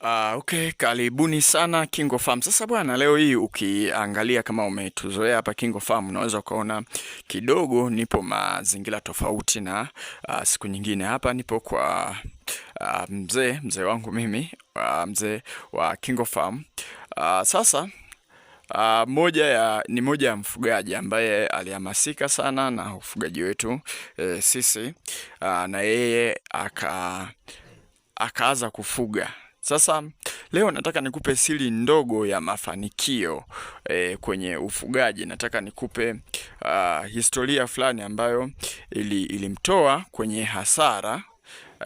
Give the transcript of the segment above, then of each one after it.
Uh, okay, karibuni sana Kingo Farm. Sasa bwana, leo hii ukiangalia kama umetuzoea hapa Kingo Farm, unaweza ukaona kidogo nipo mazingira tofauti na uh, siku nyingine. Hapa nipo kwa uh, mzee mzee wangu mimi uh, mzee wa Kingo Farm. Uh, sasa Uh, moja ya, ni moja ya mfugaji ambaye alihamasika sana na ufugaji wetu e, sisi uh, na yeye aka akaanza kufuga sasa leo nataka nikupe siri ndogo ya mafanikio e, kwenye ufugaji. Nataka nikupe uh, historia fulani ambayo ilimtoa ili kwenye hasara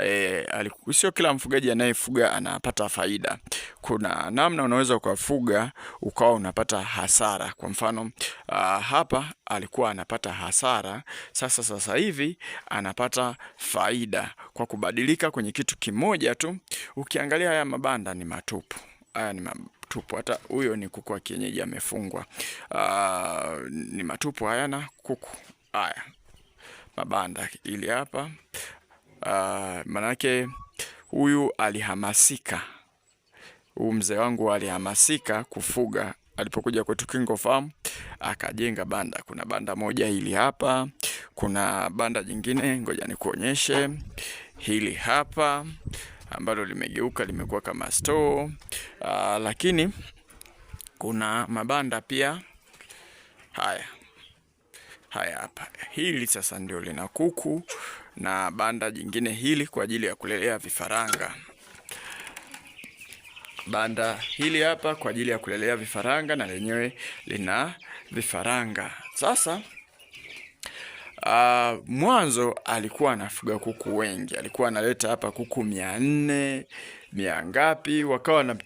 e, sio kila mfugaji anayefuga anapata faida. Kuna namna unaweza ukafuga ukawa unapata hasara. Kwa mfano uh, hapa alikuwa anapata hasara, sasa sasa hivi anapata faida kwa kubadilika kwenye kitu kimoja tu. Ukiangalia haya mabanda ni matupu, haya ni matupu matupu. Hata huyo ni kuku wa kienyeji amefungwa. Uh, ni matupu, hayana kuku. Haya mabanda ili hapa Uh, manake huyu alihamasika, huu mzee wangu alihamasika kufuga alipokuja kwetu Kingo Farm akajenga banda. Kuna banda moja hili hapa, kuna banda jingine, ngoja nikuonyeshe hili hapa ambalo limegeuka limekuwa kama store. Uh, lakini kuna mabanda pia haya haya hapa. Hili sasa ndio lina kuku na banda jingine hili kwa ajili ya kulelea vifaranga. Banda hili hapa kwa ajili ya kulelea vifaranga na lenyewe lina vifaranga. Sasa uh, mwanzo alikuwa anafuga kuku wengi, alikuwa analeta hapa kuku mia nne mia ngapi, wakawa na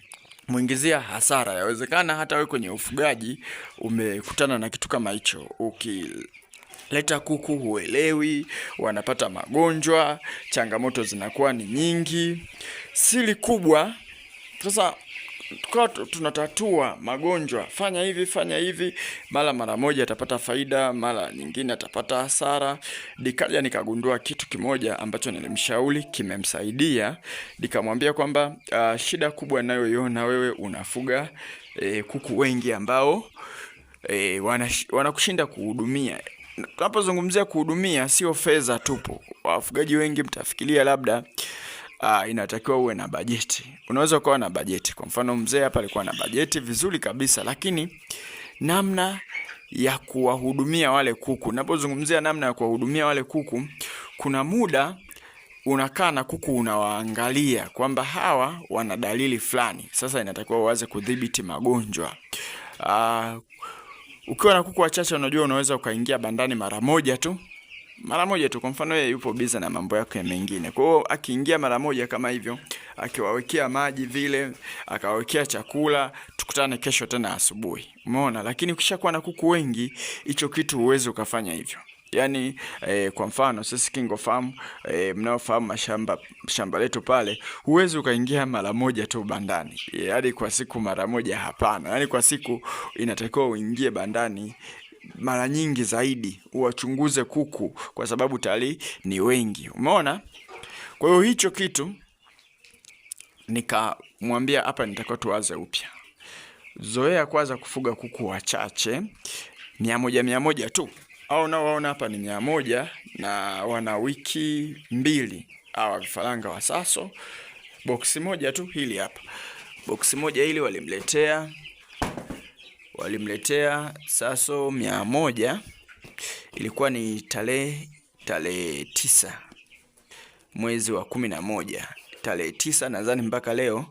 mwingizia hasara. Yawezekana hata wewe kwenye ufugaji umekutana na kitu kama hicho leta kuku huelewi, wanapata magonjwa, changamoto zinakuwa ni nyingi. Siri kubwa sasa tukawa tunatatua magonjwa, fanya hivi fanya hivi, mara mara moja atapata faida, mara nyingine atapata hasara. Nikaja nikagundua kitu kimoja ambacho nilimshauri kimemsaidia, nikamwambia kwamba uh, shida kubwa nayoiona wewe unafuga eh, kuku wengi ambao eh, wanakushinda kuhudumia Tunapozungumzia kuhudumia, sio fedha tupo. Wafugaji wengi mtafikiria labda Aa, ah, inatakiwa uwe na bajeti. Unaweza ukawa na bajeti, kwa mfano mzee hapa alikuwa na bajeti vizuri kabisa, lakini namna ya kuwahudumia wale kuku. Napozungumzia namna ya kuwahudumia wale kuku, kuna muda unakaa na kuku unawaangalia kwamba hawa wana dalili fulani, sasa inatakiwa uanze kudhibiti magonjwa Aa, ah, ukiwa na kuku wachache, unajua unaweza ukaingia bandani mara moja tu, mara moja tu. Kwa mfano yeye yupo biza na mambo yake mengine, kwa hiyo akiingia mara moja kama hivyo, akiwawekea maji vile, akawawekea chakula, tukutane kesho tena asubuhi, umeona. Lakini ukishakuwa na kuku wengi, hicho kitu huwezi ukafanya hivyo. Yani eh, kwa mfano sisi Farm eh, mnaofahamu mashamba shamba letu pale, huwezi ukaingia mara moja tu bandani, yani eh, kwa siku mara moja, hapana. Yani kwa siku inatakiwa uingie bandani mara nyingi zaidi, uwachunguze kuku, kwa sababu tayari ni wengi, umeona. Kwa hiyo hicho kitu nikamwambia hapa, nitakiwa tuwaze upya zoea kwanza, kufuga kuku wachache mia moja mia moja tu au nao hapa ni mia moja na wana wiki mbili hawa vifaranga wa Saso. Boksi moja tu hili hapa, boksi moja hili walimletea walimletea Saso mia moja, ilikuwa ni tarehe tarehe tisa mwezi wa kumi na moja tarehe tisa nadhani mpaka leo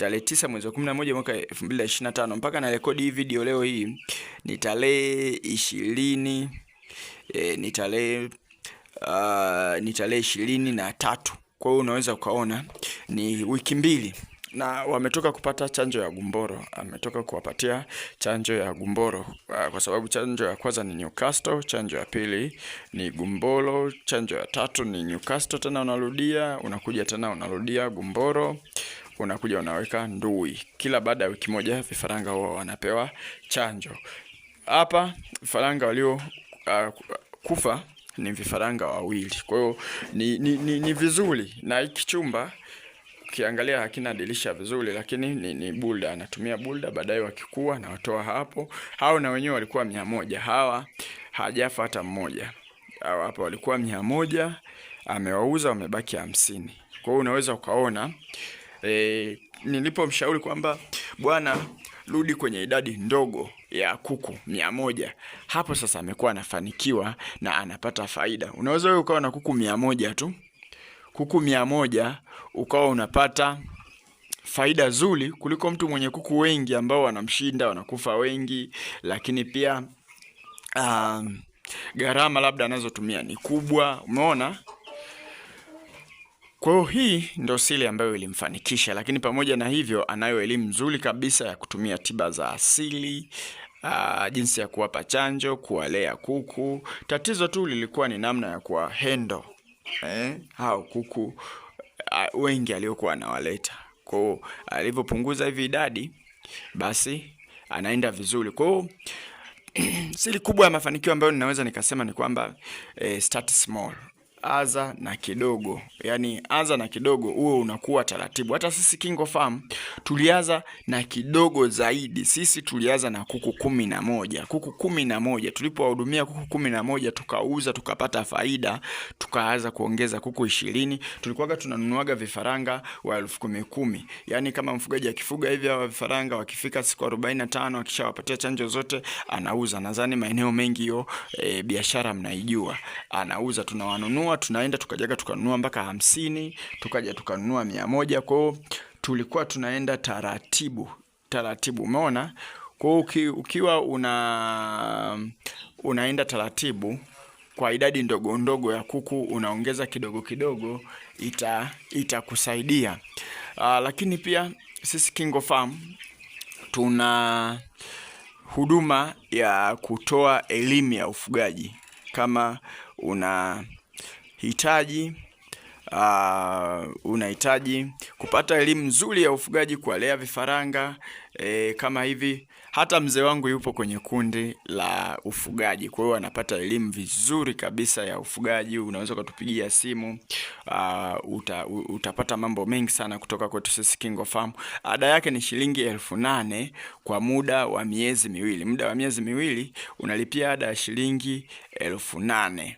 tarehe tisa mwezi wa kumi na moja mwaka 2025 mpaka na rekodi hii video leo hii ni tarehe ishirini e, ni tarehe uh, ni tarehe ishirini na tatu. Kwa hiyo unaweza ukaona ni wiki mbili na wametoka kupata chanjo ya gumboro, ametoka kuwapatia chanjo ya gumboro kwa sababu chanjo ya kwanza ni Newcastle, chanjo ya pili ni gumboro, chanjo ya tatu ni Newcastle, tena unarudia unakuja tena unarudia gumboro unakuja unaweka ndui. Kila baada ya wiki moja vifaranga huwa wanapewa chanjo. Hapa vifaranga walio uh, kufa ni vifaranga wawili. Kwa hiyo ni, ni, ni, ni vizuri na hiki chumba ukiangalia hakina dirisha vizuri, lakini ni, ni bulda, anatumia bulda. Baadaye wakikua na watoa hapo. Hao na wenyewe walikuwa mia moja, hawa hajafa hata mmoja. Hawa hapa walikuwa mia moja, amewauza wamebaki hamsini. Kwa hiyo unaweza ukaona e, nilipomshauri kwamba bwana, rudi kwenye idadi ndogo ya kuku mia moja. Hapo sasa amekuwa anafanikiwa na anapata faida. Unaweza wewe ukawa na kuku mia moja tu, kuku mia moja ukawa unapata faida zuri kuliko mtu mwenye kuku wengi ambao wanamshinda wanakufa wengi, lakini pia um, gharama labda anazotumia ni kubwa. Umeona? Kwa hiyo hii ndo siri ambayo ilimfanikisha, lakini pamoja na hivyo anayo elimu nzuri kabisa ya kutumia tiba za asili Uh, jinsi ya kuwapa chanjo, kuwalea kuku. Tatizo tu lilikuwa ni namna ya hendo eh, hao kuku uh, wengi aliokuwa anawaleta kwao. Alivyopunguza hivi idadi, basi anaenda vizuri kwao. Siri kubwa ya mafanikio ambayo ninaweza nikasema ni kwamba eh, start small aza na kidogo, yani aza na kidogo, huo unakuwa taratibu. Hata sisi Kingo Farm tuliaza na kidogo zaidi. Sisi tuliaza na kuku kumi na moja kuku kumi na moja Tulipowahudumia kuku kumi na moja tukauza tukapata faida, tukaanza kuongeza kuku ishirini Tulikuwaga tunanunuaga vifaranga wa elfu kumi kumi, yani kama mfugaji akifuga hivi hawa vifaranga, wakifika siku arobaini na tano akishawapatia chanjo zote anauza. Nadhani maeneo mengi hiyo e, biashara mnaijua, anauza tunawanunua tukanunua tunaenda tukajaga tukanunua mpaka hamsini, tukaja tukanunua mia moja. kwao tulikuwa tunaenda taratibu taratibu, umeona. kwao uki, ukiwa una unaenda taratibu kwa idadi ndogo ndogo ya kuku unaongeza kidogo kidogo, ita itakusaidia. Ah, lakini pia sisi Kingo Farm tuna huduma ya kutoa elimu ya ufugaji. Kama una hitaji uh, unahitaji kupata elimu nzuri ya ufugaji, kuwalea vifaranga e, kama hivi. Hata mzee wangu yupo kwenye kundi la ufugaji, kwa hiyo anapata elimu vizuri kabisa ya ufugaji. Unaweza ukatupigia simu uh, uta, utapata mambo mengi sana kutoka kwetu sisi Kingo Farm. Ada yake ni shilingi elfu nane kwa muda wa miezi miwili. Muda wa miezi miwili unalipia ada ya shilingi elfu nane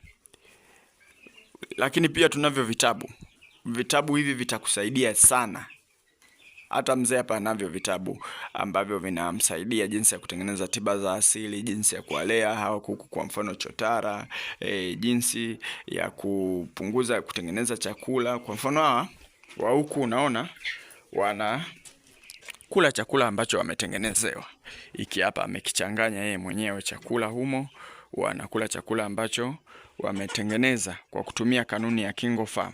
lakini pia tunavyo vitabu. Vitabu hivi vitakusaidia sana. Hata mzee hapa anavyo vitabu ambavyo vinamsaidia jinsi ya kutengeneza tiba za asili, jinsi ya kuwalea hawa kuku, kwa mfano chotara e, jinsi ya kupunguza kutengeneza chakula. Kwa mfano hawa wa huku unaona wana kula chakula ambacho wametengenezewa. Iki hapa amekichanganya yeye mwenyewe chakula humo, wanakula chakula ambacho wametengeneza kwa kutumia kanuni ya KingoFarm.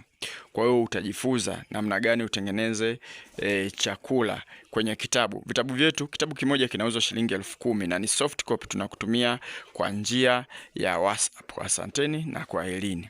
Kwa hiyo utajifunza namna gani utengeneze e, chakula kwenye kitabu. Vitabu vyetu, kitabu kimoja kinauzwa shilingi elfu kumi na ni soft copy, tunakutumia kwa njia ya WhatsApp. Asanteni na kwaherini.